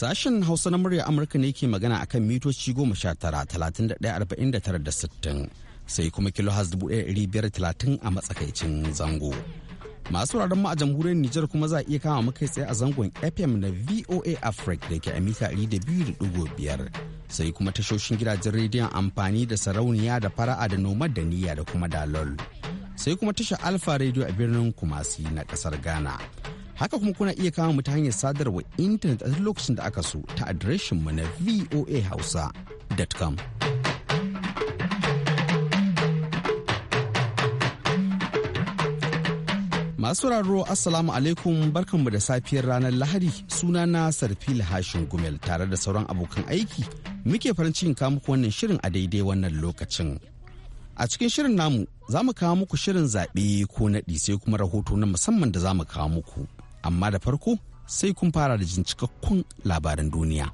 Sashen Hausa na murya Amurka ne ke magana akan mitoci goma sha tara talatin da ɗaya arba'in da tara da sittin sai kuma kilo has dubu ɗaya ɗari biyar talatin a matsakaicin zango. Masu wuraren mu a jamhuriyar Nijar kuma za a iya kama kai tsaye a zangon FM na VOA Africa da ke a mita ɗari da biyu da ɗigo biyar. Sai kuma tashoshin gidajen rediyon amfani da sarauniya da fara'a da nomad da niyya da kuma dalol. Sai kuma tashar Alfa Radio a birnin Kumasi na ƙasar Ghana. Haka kuma kuna iya kama mu ta hanyar sadarwa intanet a lokacin da aka so ta adireshin mu na voahausa.com. Masu raro Assalamu alaikum barkanmu da safiyar ranar Lahadi suna na Sarfil Hashin Gumel tare da sauran abokan aiki muke farin cikin muku wannan shirin a daidai wannan lokacin. A cikin shirin namu za mu kawo muku shirin zaɓe ko naɗi sai kuma rahoto na musamman da za mu kawo muku. amma da farko sai kun fara da jin cikakkun labaran duniya.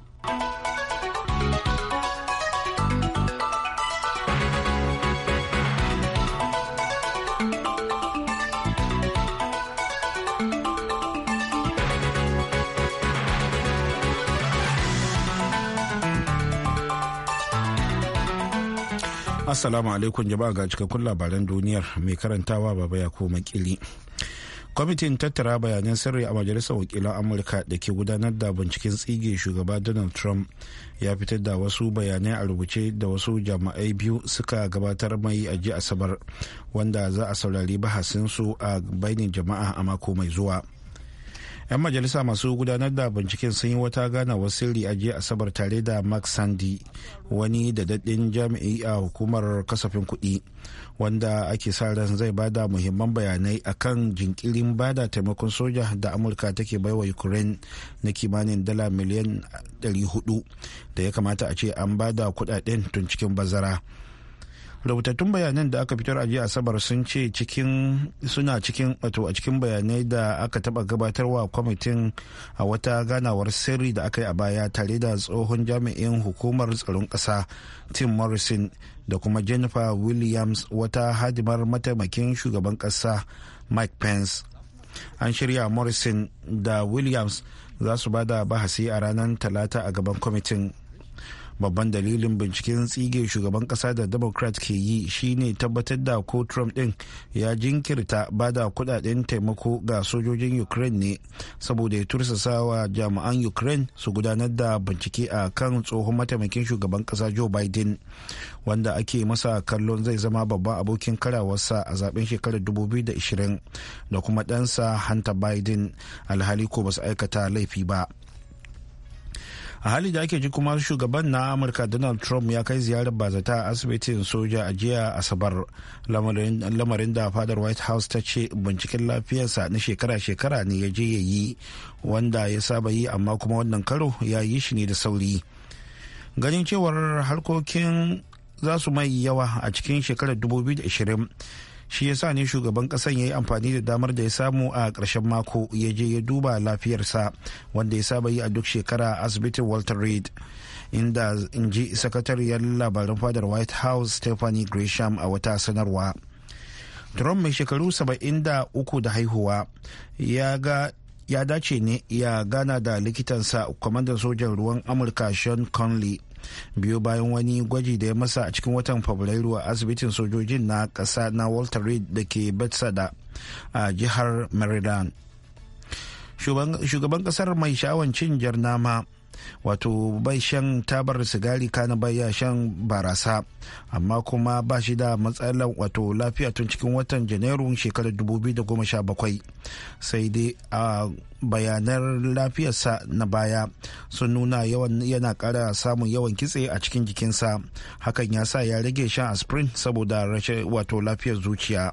Assalamu alaikum jama'a ga cikakkun labaran duniyar mai karantawa baba ya koma kili. kwamitin tattara bayanan sirri a majalisar wakilan amurka da ke gudanar da binciken tsige shugaba donald trump ya fitar da wasu bayanai a rubuce da wasu jama'ai biyu suka gabatar mai a asabar wanda za a saurari bahasinsu a bainin jama'a a mako mai zuwa 'yan majalisa masu gudanar da binciken sun yi wata ganawar sirri a jiya asabar tare da mark sandy wani da daɗin jami'i a hukumar kasafin kuɗi wanda ake sa ran zai bada muhimman bayanai akan jinkirin bada taimakon soja da amurka take baiwa ukraine na kimanin dala miliyan 400 da ya kamata a ce an bada kuɗaɗen tun cikin bazara rahotattun bayanan da aka fitar a jiya asabar sun ce cikin suna cikin wato a cikin bayanai da aka taba gabatarwa kwamitin a wata ganawar sirri da aka yi a baya tare da tsohon jami'in hukumar tsaron ƙasa tim morrison da kuma jennifer williams wata hadimar mataimakin shugaban ƙasa mike pence an shirya morrison da williams za su bada bahasi a ranar talata a gaban kwamitin babban dalilin binciken tsige shugaban kasa da democrat ke yi shine tabbatar da ko trump din ya jinkirta ba da kudaden taimako ga sojojin ukraine ne saboda ya tursasa wa jami'an ukraine su gudanar da bincike a kan tsohon mataimakin shugaban kasa joe biden wanda ake masa kallon zai zama babban abokin karawarsa a zaben shekarar 2020 da kuma ɗansa hunter biden alhali ko basu aikata laifi ba a hali da ake ji kuma shugaban na amurka donald trump ya kai ziyarar bazata a asibitin soja a jiya asabar lamarin da fadar white house ta ce binciken lafiyarsa na shekara-shekara ne ya je ya yi wanda ya saba yi amma kuma wannan karo ya yi shi ne da sauri ganin cewar harkokin za su mai yawa a cikin shekarar 2020 shi ya sa ne shugaban kasan ya yi amfani da damar da ya samu a ƙarshen mako ya je ya duba lafiyarsa wanda ya saba yi a duk shekara a asibitin walter reed inda in ji sakatariyar labaran fadar white house stephanie gresham a wata sanarwa trump mai shekaru 73 da haihuwa ya ga ya dace ne ya gana da likitansa kwamandan sojan ruwan amurka sean conley biyo bayan wani gwaji da ya masa a cikin watan fabrairu a asibitin sojojin na ƙasa na walter reed da ke bethsaida a jihar maryland shugaban ƙasar mai sha'awan cin jarnama wato bai shan tabar sigari kana bai ya shan barasa amma kuma ba shi da matsalar wato lafiya tun cikin watan janairun shekarar 2017 sai dai a bayanar lafiyarsa na baya sun nuna yawan yana kara samun yawan kitse a cikin jikinsa hakan ya sa ya rage shan aspirin saboda rashin wato lafiyar zuciya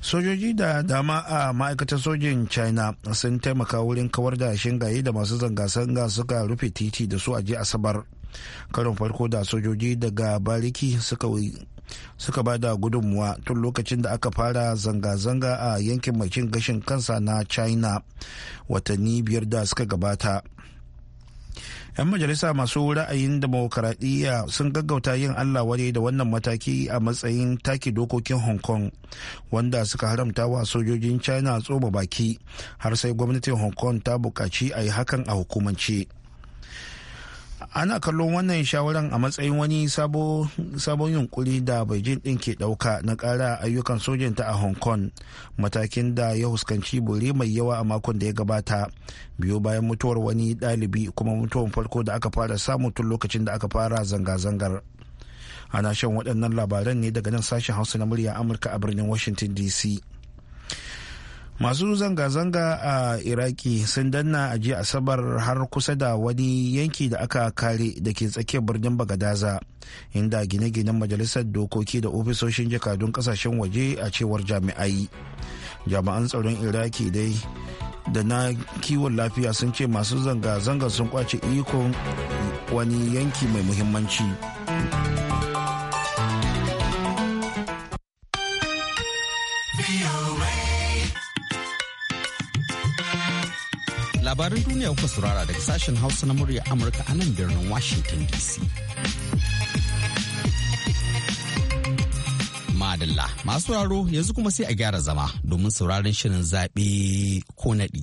sojoji da dama a ma'aikatar sojin china sun taimaka wurin kawar da shingaye da masu zanga-zanga suka rufe titi da su a asabar karin farko da sojoji daga bariki suka suka ba da gudunmuwa tun lokacin da aka fara zanga-zanga a yankin mai gashin kansa na china watanni biyar da suka gabata 'yan majalisa masu ra'ayin demokaradiyya sun gaggauta yin allah ware da wannan mataki a matsayin take dokokin hong kong wanda suka haramta wa sojojin china tsoma baki har sai gwamnatin hong kong ta buƙaci a yi hakan a hukumance ana kallon wannan shawaran a matsayin wani sabon yunkuri da beijing din ke dauka na kara ayyukan sojinta a hong kong matakin da ya huskanci bore mai yawa a makon da ya gabata biyu bayan mutuwar wani ɗalibi kuma mutuwar farko da aka fara samu tun lokacin da aka fara zanga-zangar ana shan waɗannan labaran ne daga nan sashen hausa na murya amurka a birnin washington dc masu zanga-zanga a iraki sun danna a jiya asabar har kusa da wani yanki da aka kare da ke tsakiyar birnin bagadaza inda gine-ginen majalisar dokoki da ofisoshin jakadun kasashen waje a cewar jami'ai jami'an tsaron iraki dai da na kiwon lafiya sun ce masu zanga-zanga sun kwace ikon wani yanki mai muhimmanci. ya kuka saurara daga sashen Hausa na murya Amurka a nan birnin Washington DC. Madalla masu raro yanzu kuma sai a gyara zama domin sauraron shirin zaɓe ko naɗi.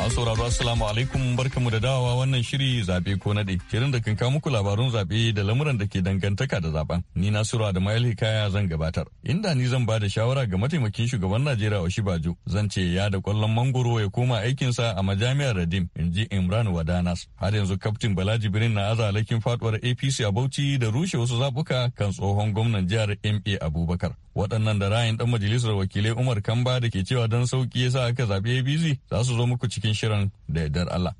Masu sauraro Assalamu alaikum barkamu da dawowa wannan shiri zaɓe ko naɗe. Shirin da kan kawo muku labarun zaɓe da lamuran da ke dangantaka da zaben. Ni na Sura da Mayel Hikaya zan gabatar. Inda ni zan ba da shawara ga mataimakin shugaban Najeriya bajo Zan ce ya da kwallon mangoro ya koma aikinsa a majami'ar Radim in ji Imran Wadanas. Har yanzu kaftin Balaji Birin na azalakin faduwar APC a Bauchi da rushe wasu zabuka kan tsohon gwamnan jihar MA Abubakar. Waɗannan da ra'ayin dan majalisar wakilai Umar Kamba da ke cewa don sauƙi yasa aka zaɓe abc za su zo muku cikin shirin da yardar Allah.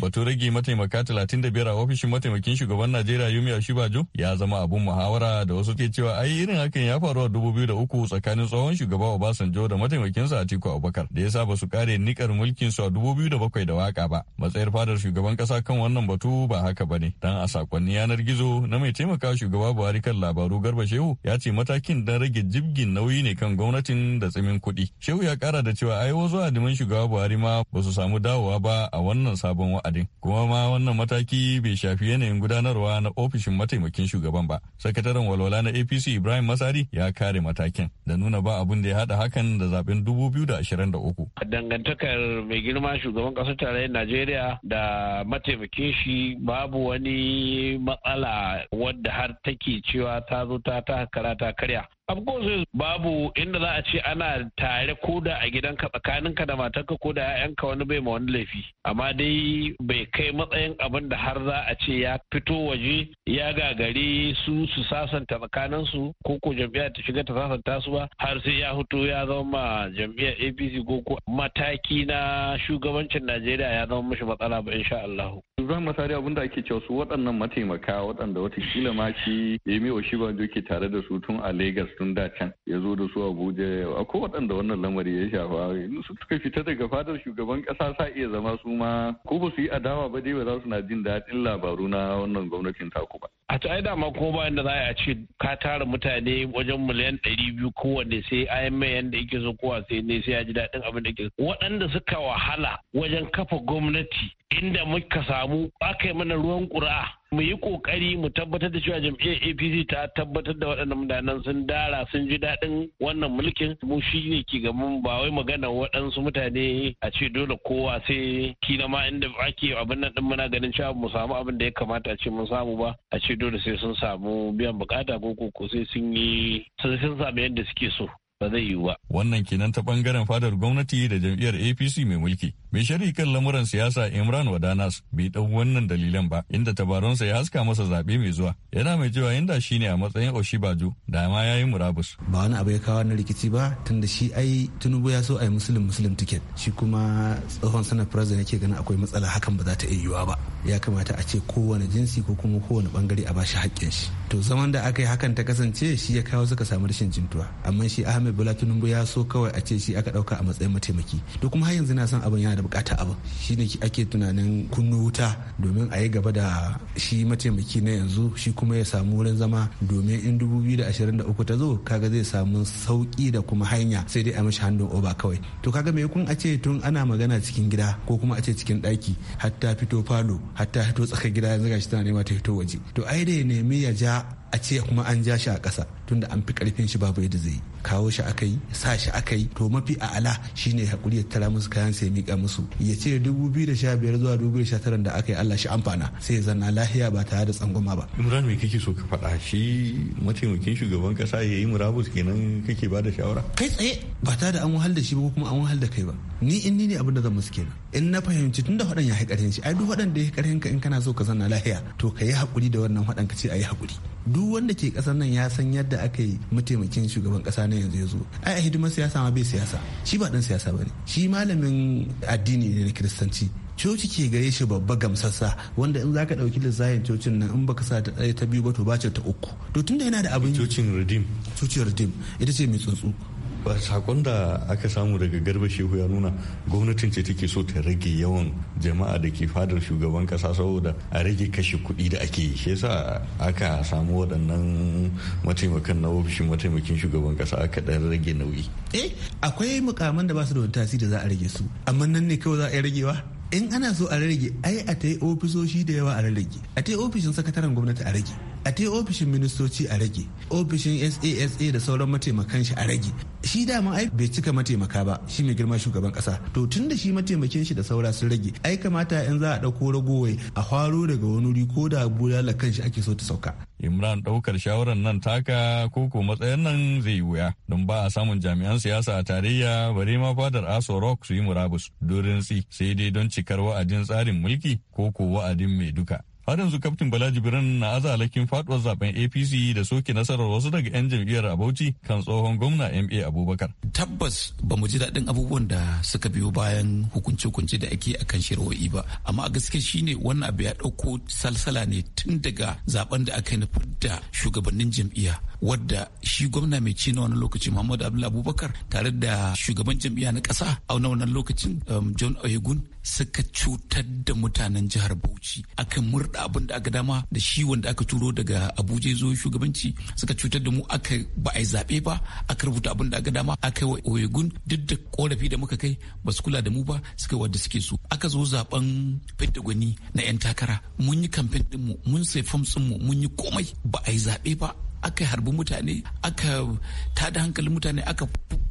Bato rage mataimaka 35 a ofishin mataimakin shugaban Najeriya Yumi shibajo ya zama abun muhawara da wasu ke cewa ai irin hakan ya faru a 2003 tsakanin tsohon shugaba Obasanjo da mataimakinsa Atiku Abubakar da yasa ba su kare nikar mulkin su a 2007 da waka ba. Matsayar fadar shugaban kasa kan wannan batu ba haka ba ne Dan a sakonni yanar gizo na mai taimaka shugaba Buhari kan labaru Garba Shehu ya ce matakin dan rage jibgin nauyi ne kan gwamnatin da tsimin kuɗi. Shehu ya kara da cewa ai wasu adimin shugaba Buhari ma ba su samu dawowa ba a wannan sabon wa'adin kuma ma wannan mataki bai shafi yanayin gudanarwa na ofishin mataimakin shugaban ba sakataren walwala na apc ibrahim masari ya kare matakin da nuna ba abin da ya hada hakan da zaben da da ashirin 2023 dangantakar mai girma shugaban ƙasar tarayyar najeriya da mataimakin shi babu wani matsala wadda har take cewa ta zo ta ta karya of babu inda za a ce ana tare ko da a gidanka tsakaninka da matarka ko da 'ya'yanka wani bai ma wani laifi amma dai bai kai matsayin abin da har za a ce ya fito waje ya gagare su su sasanta tsakaninsu ko ko jam'iyyar ta shiga ta sasanta su ba har sai ya fito ya zama jam'iyyar apc ko ko mataki na shugabancin najeriya ya zama mashi matsala ba insha Allah. Zan masari abin da ake cewa su waɗannan mataimaka waɗanda watakila ma shi emi oshiba ke tare da su tun a lagos. tun da can ya zo da su abuja a ko waɗanda wannan lamari ya shafa suka fita daga fadar shugaban ƙasa sa iya zama su ma ko ba su yi adawa ba dai ba za su na jin daɗin labaru na wannan gwamnatin taku ba. a ta dama ko bayan da za a ce ka tara mutane wajen miliyan ɗari biyu kowanne sai mai yanda yake so kowa sai ne sai ya ji daɗin abin da ke waɗanda suka wahala wajen kafa gwamnati inda muka samu aka yi mana ruwan ƙura mu yi ƙoƙari mu tabbatar da cewa jam'iyyar apc ta tabbatar da waɗannan mutanen sun dara sun ji daɗin wannan mulkin mu shi ne ki gaban ba wai magana waɗansu mutane a ce dole kowa sai kila ma inda ake abin nan ɗin muna ganin cewa mu samu abin da ya kamata a ce mun samu ba a ce dole sai sun samu biyan bukata ko ko sai sun yi sun samu yadda suke so ba zai yiwu ba. Wannan kenan ta bangaren fadar gwamnati da jam'iyyar APC mai mulki. Mai shari kan lamuran siyasa Imran Wadanas bai ɗau wannan dalilan ba, inda tabaronsa ya haska masa zaɓe mai zuwa. Yana mai cewa inda shi ne a matsayin Oshibaju, da ma ya yi murabus. Ba wani abu ya kawo na rikici ba, tunda shi ai Tinubu ya so a yi Musulun Musulun tiket Shi kuma tsohon sanar president yake ganin akwai matsala hakan ba za ta iya yiwuwa ba. Ya kamata a ce kowane jinsi ko kuma kowane bangare a ba shi haƙƙin shi. To zaman da aka yi hakan ta kasance shi ya kawo suka samu rashin jintuwa. Amma shi Ahmed ahmed bola tinubu ya so kawai a ce shi aka dauka a matsayin mataimaki to kuma har yanzu na san abin yana da bukata abu ne ake tunanin kunnu wuta domin a yi gaba da shi mataimaki na yanzu shi kuma ya samu wurin zama domin in da 2023 ta zo kaga zai samu sauki da kuma hanya sai dai a mashi hannun oba kawai to kaga me kun a ce tun ana magana cikin gida ko kuma a ce cikin daki hatta fito falo hatta fito tsakar gida yanzu gashi tana nema ta fito waje to ai da ya nemi ya ja a ce kuma an ja shi a ƙasa tunda an fi karfin shi babu yadda zai kawo shi aka yi sa shi aka yi to mafi a ala shine hakuri ya tara musu kayan sai mika musu ya ce 2015 zuwa 2019 da aka yi Allah shi amfana sai ya zanna lahiya ba tare da tsangwama ba Imran me kake so ka faɗa shi mataimakin shugaban kasa ya yi murabus kenan kake ba da shawara kai tsaye ba tare da an wahal da shi ba kuma an wahal da kai ba ni in ni ne abin da zan musu kenan in na fahimci tunda faɗan ya haƙarin shi ai duk faɗan da ya haƙarin ka in kana so ka zanna lahiya to ka yi hakuri da wannan faɗan ka ce a yi hakuri duk wanda ke ƙasar nan ya san yadda da aka yi mataimakin shugaban kasa na yanzu ya zo ai a hidimar siyasa ma bai siyasa shi ba dan siyasa ba ne shi malamin addini ne na kiristanci coci ke gare shi babba gamsassa wanda in zaka dauki lissafin cocin nan in baka sa ta ɗaya ta biyu ba to bace ta uku to tunda yana da abin cocin redeem cocin redeem ita ce mai tsuntsu ba sakon da aka samu daga garba shehu ya nuna gwamnatin ce take so ta rage yawan jama'a da ke fadar shugaban kasa saboda a rage kashe kuɗi da ake shi yasa aka samu waɗannan mataimakan na ofishin mataimakin shugaban kasa aka ɗan rage nauyi eh akwai mukaman da ba su da wani tasiri za a rage su amma nan ne kawai za a ragewa in ana so a rage ai a ta yi ofisoshi da yawa a rage a ta yi ofishin sakataren gwamnati a rage a te ofishin ministoci a rage ofishin sasa da sauran mataimakan shi a rage shi dama ai bai cika mataimaka ba shi mai girma shugaban kasa to tun da shi mataimakin shi da saura sun rage ai kamata in za a ɗauko ragowai a hwaro daga wani wuri ko da bulala kan shi ake so ta sauka imran ɗaukar shawarar nan taka ko ko matsayin nan zai yi wuya don ba a samun jami'an siyasa a tarayya bare ma fadar aso rock su yi murabus dorin sai dai don cikar wa'adin tsarin mulki ko ko wa'adin mai duka har yanzu kaftin balaji birnin na azalakin faduwar zaben apc da soke nasarar wasu daga 'yan jam'iyyar a bauchi kan tsohon gwamna ma abubakar tabbas ba mu ji daɗin abubuwan da suka biyo bayan hukunce-hukunce da ake akan shirwa'i ba amma a gaske ne wannan abu ya ɗauko salsala ne tun daga zaben da aka yi na fidda shugabannin jam'iyya wadda shi gwamna mai ci na wani lokaci muhammadu abdullahi abubakar tare da shugaban jam'iyya na ƙasa a wannan lokacin um, john oyegun suka cutar da mutanen jihar bauchi aka murda abin da aka dama da shi wanda aka turo daga abuja zo shugabanci suka cutar da mu aka ba a yi zaɓe ba aka rubuta abin da aka dama aka yi oyegun duk da korafi da muka kai ba su kula da mu ba suka wadda suke so aka zo zaben fidda gwani na yan takara mun yi kamfen dinmu mun sai fom ɗinmu mun yi komai ba a yi zaɓe ba aka harbi mutane aka tada hankalin mutane aka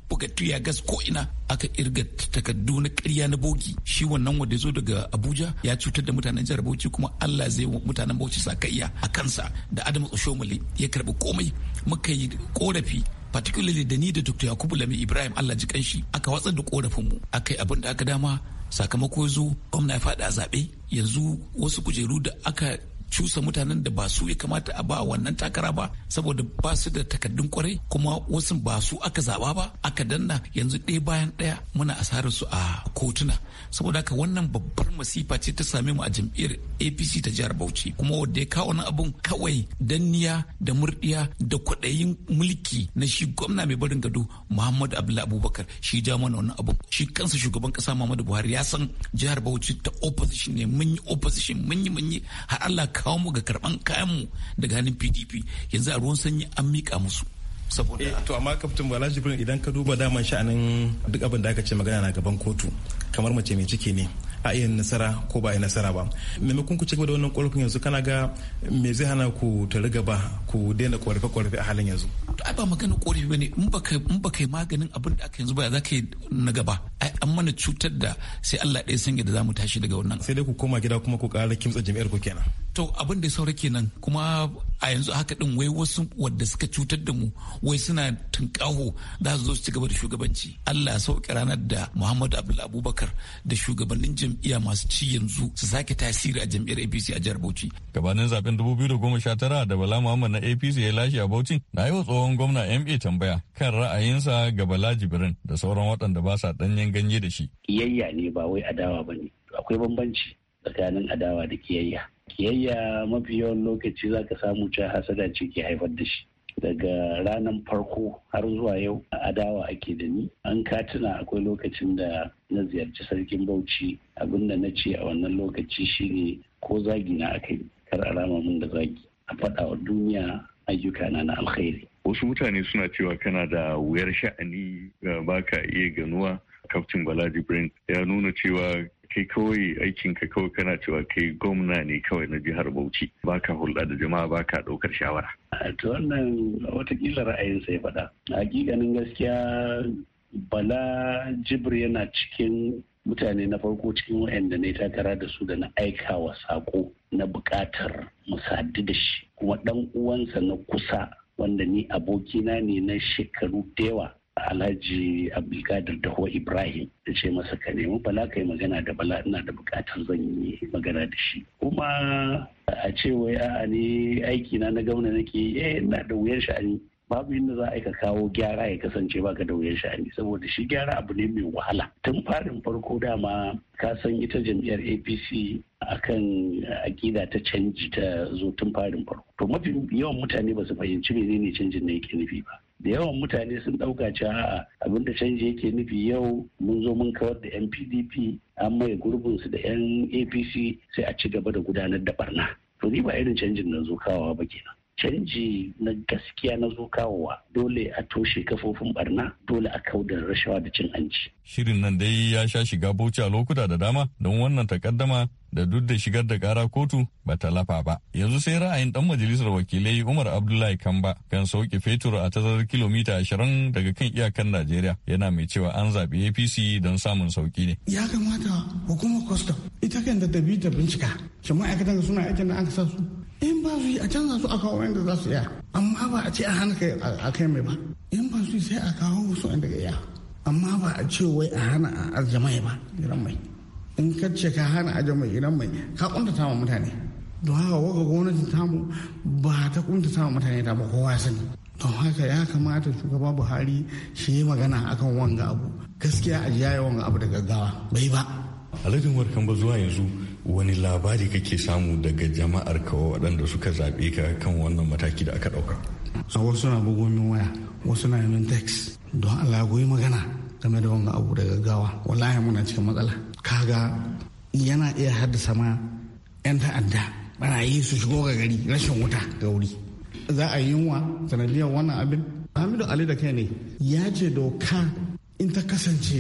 buga tuya gas ko ina aka irga takardu na ƙarya na bogi shi wannan wanda ya zo daga abuja ya cutar da mutanen jihar bauchi kuma allah zai mutanen bauchi iya. a kansa da adamu tsoshomali ya karbi komai muka yi korafi particularly da ni da dr yakubu lami ibrahim allah ji kanshi aka watsar da korafinmu aka yi abin da aka dama sakamako zo gwamna ya faɗi a zaɓe yanzu wasu kujeru da aka cusa mutanen da ba su ya kamata a ba wannan takara ba saboda ba su da takaddun kwarai kuma wasu ba su aka zaba ba aka danna yanzu ɗaya bayan ɗaya muna asarar su a kotuna saboda haka wannan babbar masifa ce ta same mu a jam'iyyar APC ta jihar Bauchi kuma wanda ya kawo wannan abun kawai danniya da murdiya da kwaɗayin mulki na shi gwamna mai barin gado Muhammadu Abdullahi Abubakar shi ja mana wannan abun shi kansa shugaban kasa Muhammadu Buhari ya san jihar Bauchi ta opposition ne mun yi opposition mun yi mun yi har Allah kawo mu ga karban kayan mu daga hannun pdp yanzu a ruwan sanyi an mika musu saboda eh, to amma kaftin bala jibrin idan ka duba daman sha'anin duk abin da aka ce magana na gaban kotu kamar mace mai ciki ne a iya nasara ko ba a yi nasara ba maimakon ku ci gaba da wannan korafin yanzu kana ga me zai hana ku tare gaba ku daina korafe korafe a halin yanzu to ai ba maganin korafi bane in baka in baka yi maganin abin da aka yanzu ba za ka yi na gaba ai an mana cutar da sai Allah ɗaya sanya da zamu tashi daga wannan sai dai ku koma gida kuma ku ƙara kimtsa jami'ar ku kenan to abin da ya saura kenan kuma a yanzu haka din wai wasu wadda suka cutar da mu wai suna tunkaho za su zo su ci gaba da shugabanci Allah ya sauke ranar da Muhammadu Abdul Abubakar da shugabannin jami'ar jam'iyya masu ci yanzu su sake tasiri a jam'iyyar APC a jihar Bauchi. Gabanin zaben 2019 da Bala Muhammad na APC ya lashe a Bauchi na yi wa tsohon gwamna MA tambaya kan ra'ayinsa ga Bala Jibrin da sauran waɗanda ba sa danyen ganye da shi. Kiyayya ne ba wai adawa ba ne. Akwai bambanci tsakanin adawa da kiyayya. Kiyayya mafi yawan lokaci za ka samu cewa hasada ce ke haifar da shi. daga ranar farko har zuwa yau a adawa ake da ni an katuna akwai lokacin da na ziyarci sarkin bauchi abinda na ce a wannan lokaci shine ko zagi na aka yi kar a rama mun da zagi a faɗa wa duniya ayyukana na alkhairi wasu mutane suna cewa kana da wuyar sha'ani ga baka iya ganuwa kaftin Balaji Brent ya nuna cewa kai kawai aikin ka kawai kana cewa kai gwamna ne kawai na jihar Bauchi Ba ka hulɗa da jama'a ba ka ɗaukar shawara. To wannan watakila ra'ayin sai faɗa. Hakikanin gaskiya Bala jibri yana cikin mutane na farko cikin waɗanda ne takara da su da na aikawa sako na buƙatar musaddi da shi kuma ɗan uwansa na kusa wanda ni abokina ne na shekaru da yawa alhaji abdulkadir daho ibrahim da ce masa ka nemi bala ka yi magana da bala ina da bukatar zan yi magana da shi kuma a ce wai a ne aiki na na gauna nake eh ina da wuyar sha'ani babu inda za a ka kawo gyara ya kasance baka da wuyan sha'ani saboda shi gyara abu ne mai wahala tun farin farko dama ka san ita jam'iyyar apc akan akida ta canji ta zo tun farin farko to mafi yawan mutane ba su fahimci menene canjin na yake nufi ba da yawan mutane sun ɗauka cewa abin da canji yake nufi yau mun zo mun kawar da yan pdp an gurbin su da yan apc sai a ci gaba da gudanar da barna to ni ba irin canjin nan zo kawawa ba kenan canji na gaskiya na zo kawowa dole a toshe kafofin barna dole a kau da rashawa da cin hanci. Shirin nan dai ya sha shiga boci a lokuta da dama don wannan takaddama da duk da shigar da kara kotu ba ta lafa ba. Yanzu sai ra'ayin dan majalisar wakilai Umar Abdullahi Kamba kan sauke fetur a tazarar kilomita ashirin daga kan iyakan Najeriya yana mai cewa an zaɓi APC don samun sauki ne. Ya kamata hukumar kwastam ita kan da ta bincika. Shin ma'aikatan suna aikin da aka sa su in ba su yi a canza su a kawo wanda za su iya amma ba a ce a hana kai a kai mai ba in ba su yi sai a kawo wasu a ga iya amma ba a ce wai a hana a arzamai ba gidan mai in ka ce ka hana a jama'a gidan mai ka kuntata ma mutane don haka waka gwamnatin tamu ba ta kunta ma mutane ta ba kowa sani don haka ya kamata shugaba buhari shi magana akan wanga abu gaskiya a jiya wanga abu da gaggawa bai ba alhajin warkan ba zuwa yanzu wani labari kake samu daga jama'ar ka waɗanda suka zaɓe ka kan wannan mataki da aka ɗauka wasu na bugo min waya wasu na yamin text don allah magana game da wanga abu da gaggawa wallahi muna cikin matsala kaga yana iya haddasa ma 'yan ta'adda barayi su shigo ga gari rashin wuta ga wuri za a yi yunwa sanadiyar wannan abin hamidu ali da kai ne ya ce doka in ta kasance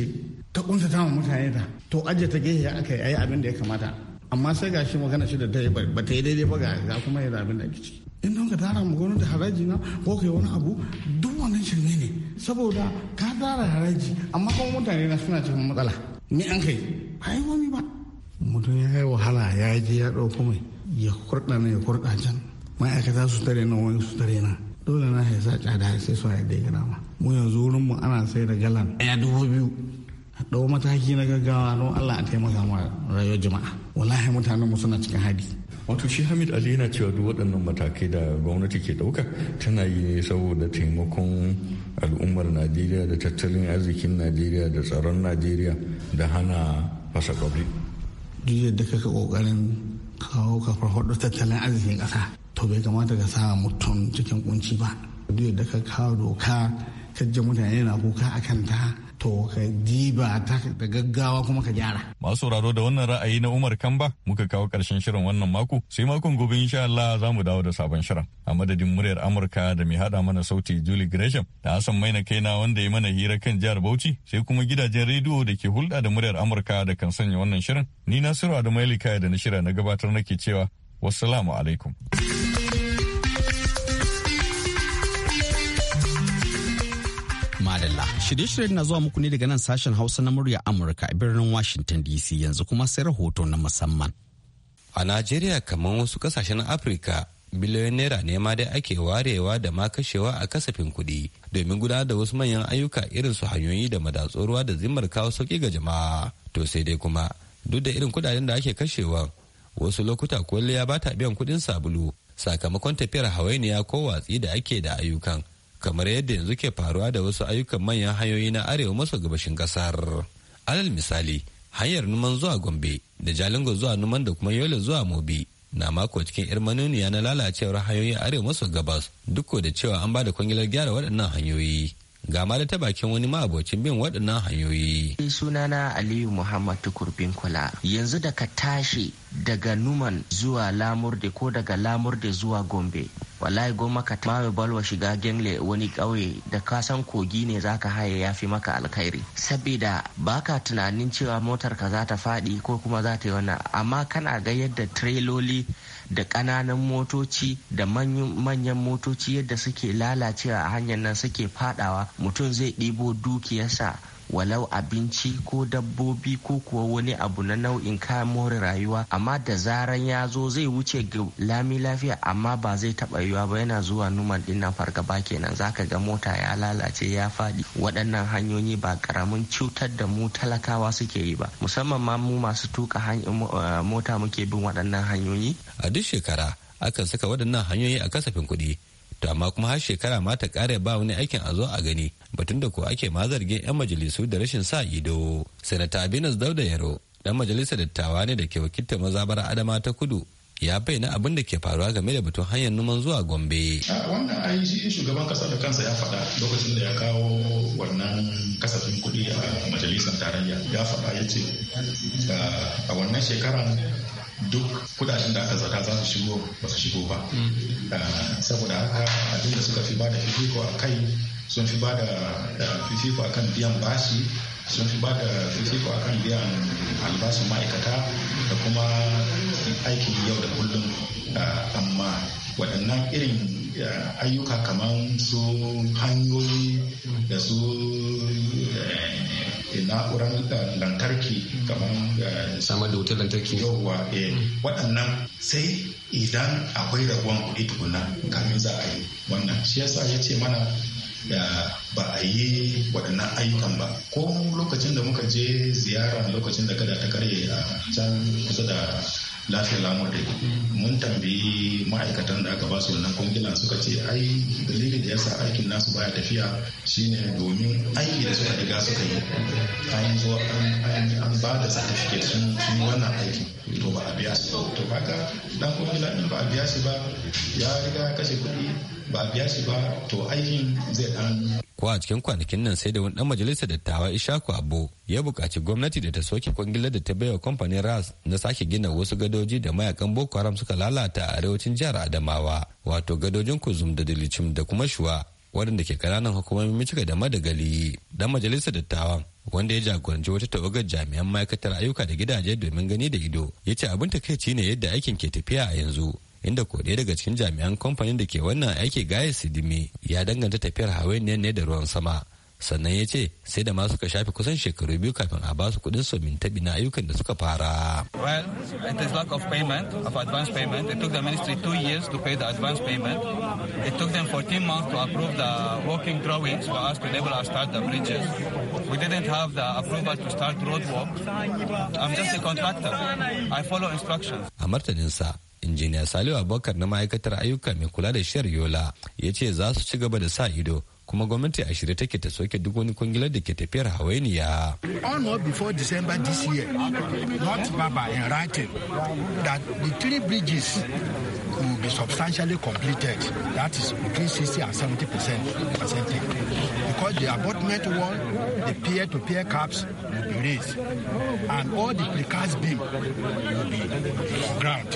ta kunsa wa mutane da to ajiye ta gehe aka yi ayi abin da ya kamata amma sai ga shi magana shi da ta yi ba ta yi daidai ba ga kuma yanzu abin da ake ci in don ka tara mu gwamnati haraji na ko kai wani abu duk wannan shirme ne saboda ka tara haraji amma kuma mutane na suna cikin matsala ni an kai ba yi wani ba mutum ya yi wahala ya je ya ɗauko mai ya kurɗa ya kurɗa can ma'aikata su tare na wani su tare na dole na ya sa tsada sai su haɗe gida ma mu yanzu wurin mu ana sai da galan ɗaya dubu biyu ɗau mataki na gaggawa don Allah a taimaka ma rayuwar jama'a wallahi mutanen mu suna cikin hadi wato shi Hamid Ali yana cewa duk waɗannan matakai da gwamnati ke ɗauka tana yi ne saboda taimakon al'ummar Najeriya da tattalin arzikin Najeriya da tsaron Najeriya da hana fasa kwabi duk yadda kaka kokarin kawo kafar hudu tattalin arzikin ƙasa to bai kamata ka sa mutum cikin kunci ba duk yadda ka kawo doka kajje mutane na kuka akan ta to ka diba ta da gaggawa kuma ka gyara. Masu sauraro da wannan ra'ayi na Umar Kamba muka kawo ƙarshen shirin wannan mako sai makon gobe insha Allah za mu dawo da sabon shirin. A madadin muryar Amurka da mai haɗa mana sauti Julie Gresham da Hassan Maina na wanda ya mana hira kan jihar Bauchi sai kuma gidajen rediyo da ke hulɗa da muryar Amurka da kan sanya wannan shirin. Ni Nasiru da Mailika da na shirya na gabatar nake cewa wassalamu alaikum. Shirye-shiryen na zuwa muku ne daga nan sashen Hausa na murya Amurka a birnin Washington DC yanzu kuma sai rahoto na musamman. A Najeriya kamar wasu kasashen Afirka biliyoyin naira ne ma dai ake warewa da ma kashewa a kasafin kuɗi domin gudanar da wasu manyan ayyuka irin su hanyoyi da madatsoruwa da zimmar kawo sauki ga jama'a. To sai dai kuma duk da irin kuɗaɗen da ake kashewa wasu lokuta kwalliya ba ta biyan kuɗin sabulu sakamakon tafiyar hawainiya ko watsi da ake da ayyukan. kamar yadda yanzu ke faruwa da wasu ayyukan manyan hanyoyi na arewa maso gabashin kasar alal misali hanyar numan zuwa gombe da jalingo zuwa numan da kuma yola zuwa mobi na mako cikin yar manuniya na lalacewar hanyoyin arewa maso gabas duk da cewa an ba da kwangilar gyara waɗannan hanyoyi ga da ta bakin wani ma'abocin bin waɗannan hanyoyi. Sunana Aliyu Muhammad Tukur kula. yanzu da ka tashi daga numan zuwa lamurde ko daga lamurde zuwa gombe wallahi goma ka mawe balwa shiga gengle wani ƙauye da kasan kogi ne za ka haye ya fi maka alkhairi saboda baka tunanin cewa motar ka za ta faɗi ko kuma za ta yi wannan amma kana ga yadda tireloli da ƙananan motoci da manyan motoci yadda suke lalacewa a hanyar nan suke faɗawa mutum zai ɗibo dukiyarsa walau abinci ko dabbobi ko kuwa wani abu na nau'in kayan more rayuwa amma da zaran ya zo zai wuce ga lami lafiya amma ba zai taɓa yiwa ba yana zuwa numan dinnan fargaba kenan zaka ga mota ya lalace ya faɗi waɗannan hanyoyi ba karamin cutar da mu talakawa suke yi ba musamman ma mu masu tuka eh, eh, mota muke bin waɗannan hanyoyi a duk shekara akan saka waɗannan hanyoyi a kasafin kuɗi to amma kuma har shekara ma ta kare ba wani aikin a zo a gani batun da ko ake ma zargin 'yan majalisu da rashin sa ido sanata abinas dauda yaro dan majalisar dattawa ne da ke wakiltar mazabar adama ta kudu ya bayyana abin da ke faruwa game da batun hanyar numan zuwa gombe. wannan ai shi shugaban kasa da kansa ya faɗa lokacin da ya kawo wannan kasafin kuɗi a majalisar tarayya ya faɗa ya ce a wannan shekaran duk kudaden da aka zata za su shigo ba su shigo ba mm. ah, saboda haka abinda suka fi ba da fifiko a kai sun fi ba da ah, fifiko a kan biyan bashi sun fi ba da fifiko a kan biyan albashin ma'aikata da kuma aikin yau da kullum ah, amma waɗannan irin ayyuka kamar su hanyoyi da su eh, na'urar lantarki kamar eh, samar da wutar lantarki yawwa eh, waɗannan sai idan akwai raguwan kuɗi tukuna kamin za a yi wannan shi yasa ya ce mana da ba a yi waɗannan ayyukan ba ko lokacin da muka je ziyara lokacin da kada ta karye a can kusa da lafiya lamurde mun tambayi ma'aikatan da aka ba su wannan kwangila suka ce ai dalilin da yasa aikin nasu baya tafiya shine domin aiki da suka riga suka yi an zo an ba da sun wannan aiki to ba a biya su ba to kaga dan in ba a biya su ba ya riga ya kashe kuɗi ba a biya shi ba to aikin zai dan ko a cikin kwanakin nan sai da wani dan majalisar dattawa Ishaku Abbo ya buƙaci gwamnati da ta soke kwangilar da ta baiwa kamfanin RAS na sake gina wasu gadoji da mayakan Boko Haram suka lalata a arewacin jihar Adamawa wato gadojin Kuzum da Dilicim da kuma Shuwa waɗanda ke kananan hukumomin Michiga da Madagali dan majalisar dattawan wanda ya jagoranci wata tawagar jami'an ma'aikatar ayyuka da gidaje domin gani da ido ya ce abin takaici ne yadda aikin ke tafiya a yanzu inda ko daga cikin jami'an kamfanin da ke wannan aiki gaya sidimi ya danganta tafiyar hawainiyan ne da ruwan sama sannan ya ce sai da ma suka shafe kusan shekaru biyu kafin a basu kuɗin somin taɓi na ayyukan da suka fara. Well, it is lack of payment, of advance payment. It took the ministry two years to pay the advance payment. It took them 14 months to approve the working drawings for us to enable us start the bridges. We didn't have the approval to start road work. I'm just a contractor. I follow instructions. A martaninsa, injiniya saliu abubakar na ma'aikatar ayyuka mai kula da shiyar yola ya ce za su ci gaba da sa ido kuma gwamnati a shirye take ta soke duk wani kungilar da ke tafiyar hawainiya. On or before December this year, not Baba in writing that the three bridges will be substantially completed. That is between 60 and 70 percent. because the abutment wall, the peer-to-peer caps will be raised, and all the precast beam will be ground.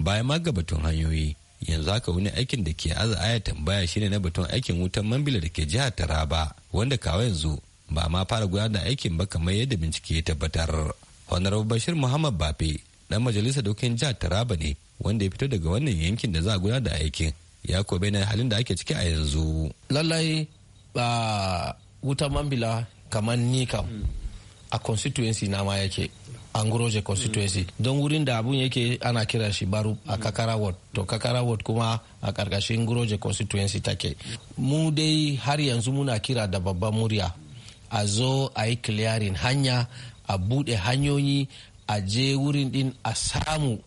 Bayan magabatun hanyoyi, yanzu haka wani aikin da ke aza aya tambaya shine na batun aikin wutan mambila da ke jihar Taraba, wanda kawo yanzu ba ma fara gudanar da aikin ba kamar yadda bincike ya tabbatar. Honorable Bashir Muhammad Bafe, dan majalisa dokin jihar Taraba ne, wanda ya fito daga wannan yankin da za a gudanar da aikin. ya ko na halin da ake ciki a yanzu. Lallai wuta mambila kamar ni kam a constituency na ma yake angroje constituency don wurin da abun yake ana kira shi baru a kakara ward to kakara ward kuma a karkashin groje constituency take mu dai har yanzu muna kira da babban murya a zo a yi clearing hanya a bude hanyoyi a je wurin din a samu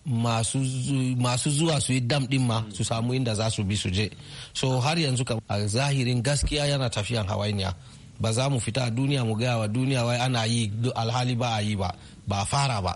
masu zuwa su yi dam din ma su samu inda za su bi su je so har yanzu kam a zahirin gaskiya yana tafiyan hawainiya ba za mu fita a duniya mu gaya wa duniya wai ana yi alhali ba a yi ba ba fara ba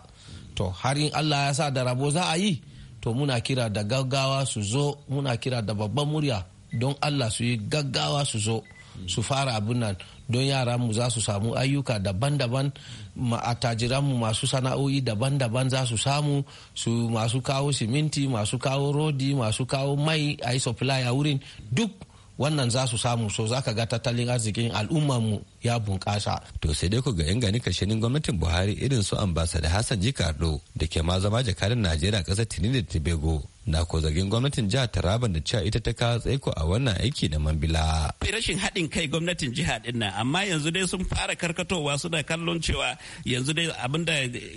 to har in allah ya sa da rabo za a yi to muna kira da gaggawa su zo muna kira da babban murya don allah su yi gaggawa su zo su fara abin nan don yara mu za su samu ayyuka daban-daban mu masu sana'o'i daban-daban za su samu su masu kawo siminti masu kawo rodi masu kawo mai a yi supply a wurin duk wannan za su samu so za ka ga tattalin arzikin al'ummarmu ya bunƙasa. To sai dai ku ga yan gani kashenin gwamnatin Buhari irin su ambasada Hassan Jikardo da ke ma zama jakadan Najeriya ƙasar Trinidad Tobago. Na ko zargin gwamnatin jiha Taraban da cewa ita ta kawo tsaiko a wannan aiki na Mambila. Rashin haɗin kai gwamnatin jiha ɗin nan amma yanzu dai sun fara karkatowa suna kallon cewa yanzu dai abin da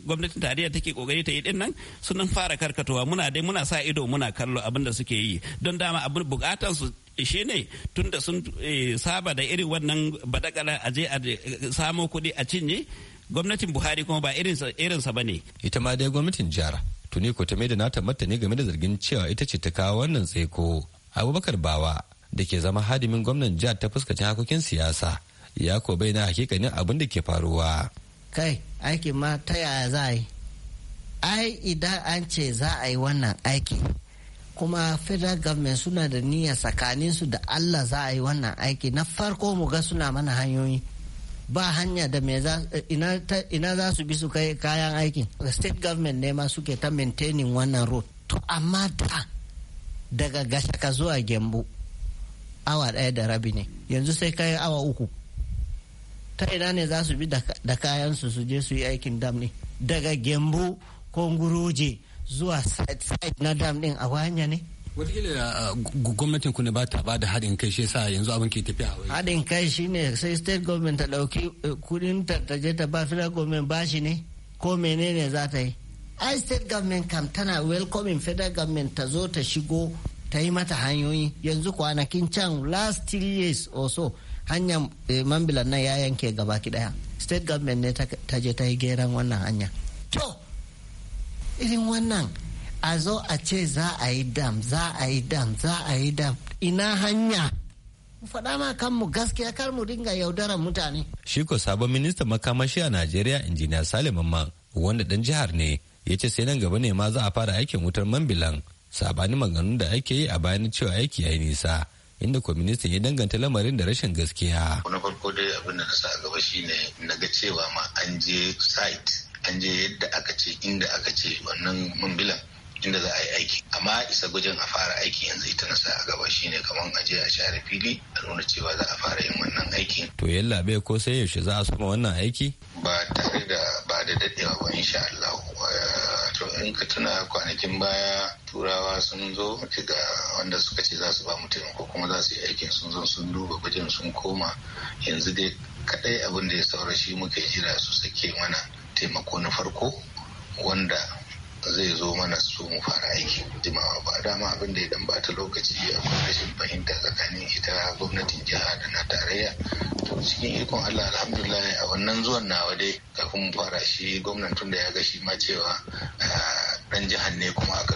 gwamnatin tarayya take kokari ta yi ɗin nan sun fara karkatowa muna dai muna sa ido muna kallo abin da suke yi don dama abin bukatansu shi ne tunda sun eh, saba da irin wannan badakala a a je a samo kuɗi a cinye gwamnatin buhari kuma ba irinsa ba ne ita ma dai gwamnatin jihar tuni ko ta mai da nata ne game da zargin cewa ita ce ta kawo wannan tsaiko abubakar bawa da ke zama hadimin gwamnan jihar ta fuskacin hakokin siyasa ya ko bai na hakikanin abin da ke faruwa kai aikin ma ta yaya za a yi ai idan an ce za a yi wannan aikin. kuma federal government suna da niyya su da allah za a yi wannan aiki na farko mu ga suna mana hanyoyi ba hanya da me za ina za su bi su kai kayan aikin state government ne ma suke ta maintaining wannan road to amma da daga gashaka zuwa gembu awa daya da rabi ne yanzu sai kai awa uku ta ina ne za su bi da kayansu su je su yi aikin dam ne daga gembu ko nguruje zuwa site na dam din a wanya ne wataƙila uh, gwamnatin ku ne ba ta ba da haɗin kai shi sa yanzu abin ke tafiya a haɗin kai shi ne sai state government ta ɗauki eh, kudin ta je ta ba federal government ba shi ne ko menene za ta yi ai state government kam tana welcoming federal government ta zo ta shigo ta yi mata hanyoyi yanzu kwanakin can last three years or so hanyar eh, mambilan nan ya yanke gaba ki daya state government ne ta je ta yi geran wannan hanya to irin wannan a zo a ce za a yi dam za a yi dam za a yi dam ina hanya mu faɗa ma kanmu gaskiya kar mu dinga yaudarar mutane shi ko sabon ministan makamashi a najeriya injiniya salim mamman wanda dan jihar ne ya ce sai nan gaba ne ma za a fara aikin wutar mambilan sabanin maganganun da ake yi a bayan cewa aiki ya yi nisa inda kwaministan ya danganta lamarin da rashin gaskiya. Na farko dai abin da na sa a gaba shine na ga cewa ma an je site an je yadda aka ce inda aka ce wannan mambilan inda za a yi aiki amma isa gujin a fara aiki yanzu ita na sa a gaba shine kamar a je a share fili a nuna cewa za a fara yin wannan aiki. to yalla bai ko sai yaushe za a soma wannan aiki ba tare da ba da dadewa ba insha Allah eh, to in ka tuna kwanakin baya turawa sun zo daga wanda suka ce za su ba mu taimako kuma za su yi aikin sun zo sun duba gujin sun koma yanzu dai kaɗai abin da ya saura shi muka jira su sake mana taimako na farko wanda zai zo mana su mu fara aiki jimawa ba dama abin da ya dan bata lokaci akwai rashin fahimta tsakanin ita gwamnatin jiha da na tarayya to cikin ikon allah alhamdulillah a wannan zuwan nawa dai kafin mu fara shi gwamnan tun da ya ga shi ma cewa ah, dan jihar ne kuma aka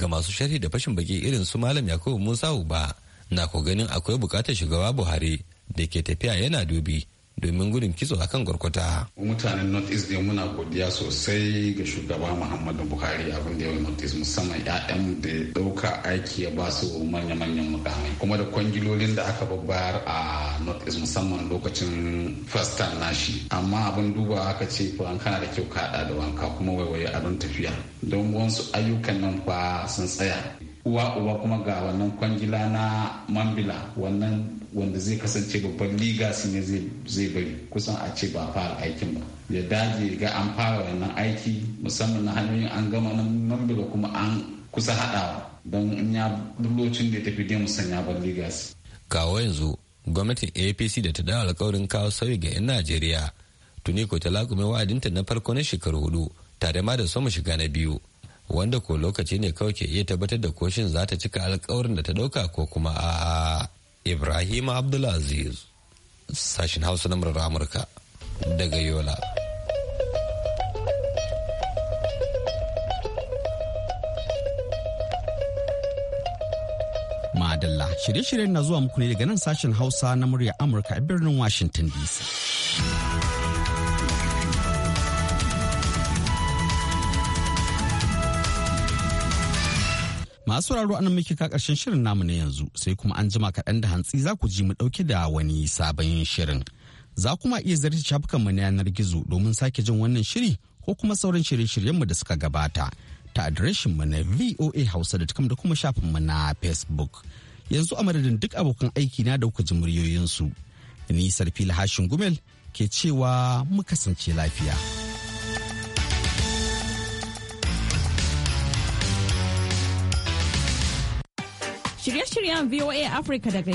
ga masu sharhi da fashin baki irin su malam yakubu musa uba na ko ganin akwai bukatar shugaba buhari da ke tafiya yana dubi domin gudun kitso akan kan gwarkwata. Mutanen North East ne muna godiya sosai ga shugaba Muhammadu Buhari abin da ya North East musamman 'ya'yan da ya ɗauka aiki ya ba su manya-manyan mukamai. Kuma da kwangilolin da aka babbayar a North East musamman lokacin first time nashi. Amma abin duba aka ce fa an kana da kyau kaɗa da wanka kuma waiwaye abin tafiya. Don wasu ayyukan nan fa sun tsaya. uwa uwa kuma ga wannan kwangila na mambila wannan wanda zai kasance babban su ne zai bari kusan a ce ba fara aikin ba ya daji ga an fara wannan aiki musamman na hanyoyin an gama na mambila kuma an kusa haɗawa don in ya da ya tafi dai musan ya bar kawo yanzu gwamnatin apc da ta dawo alkawarin kawo sauyi ga 'yan najeriya tuni ko ta lagume wa'adinta na farko na shekaru hudu tare ma da sama shiga na biyu wanda ko lokaci ne kawai ke iya tabbatar da koshin za ta cika alkawarin da ta ɗauka ko kuma a ibrahim abdulaziz sashin hausa na murar amurka daga yola madalla shirye-shiryen na zuwa muku ne daga nan sashen hausa na murya amurka a birnin washington dc Masu sauraro anan muke ka karshen shirin namu na yanzu sai kuma an jima kaɗan da hantsi za ku ji mu ɗauke da wani sabon shirin. Za kuma iya zarta shafukanmu na yanar gizo domin sake jin wannan shiri ko kuma sauran shirye-shiryenmu da suka gabata ta adireshin mu na voa Hausa da kuma shafin mu na facebook. Yanzu a madadin duk abokan aiki na da kuka ji muryoyinsu. Ni Sarfila Hashin Gumel ke cewa mu kasance lafiya. Shirye-shiryen VOA Africa daga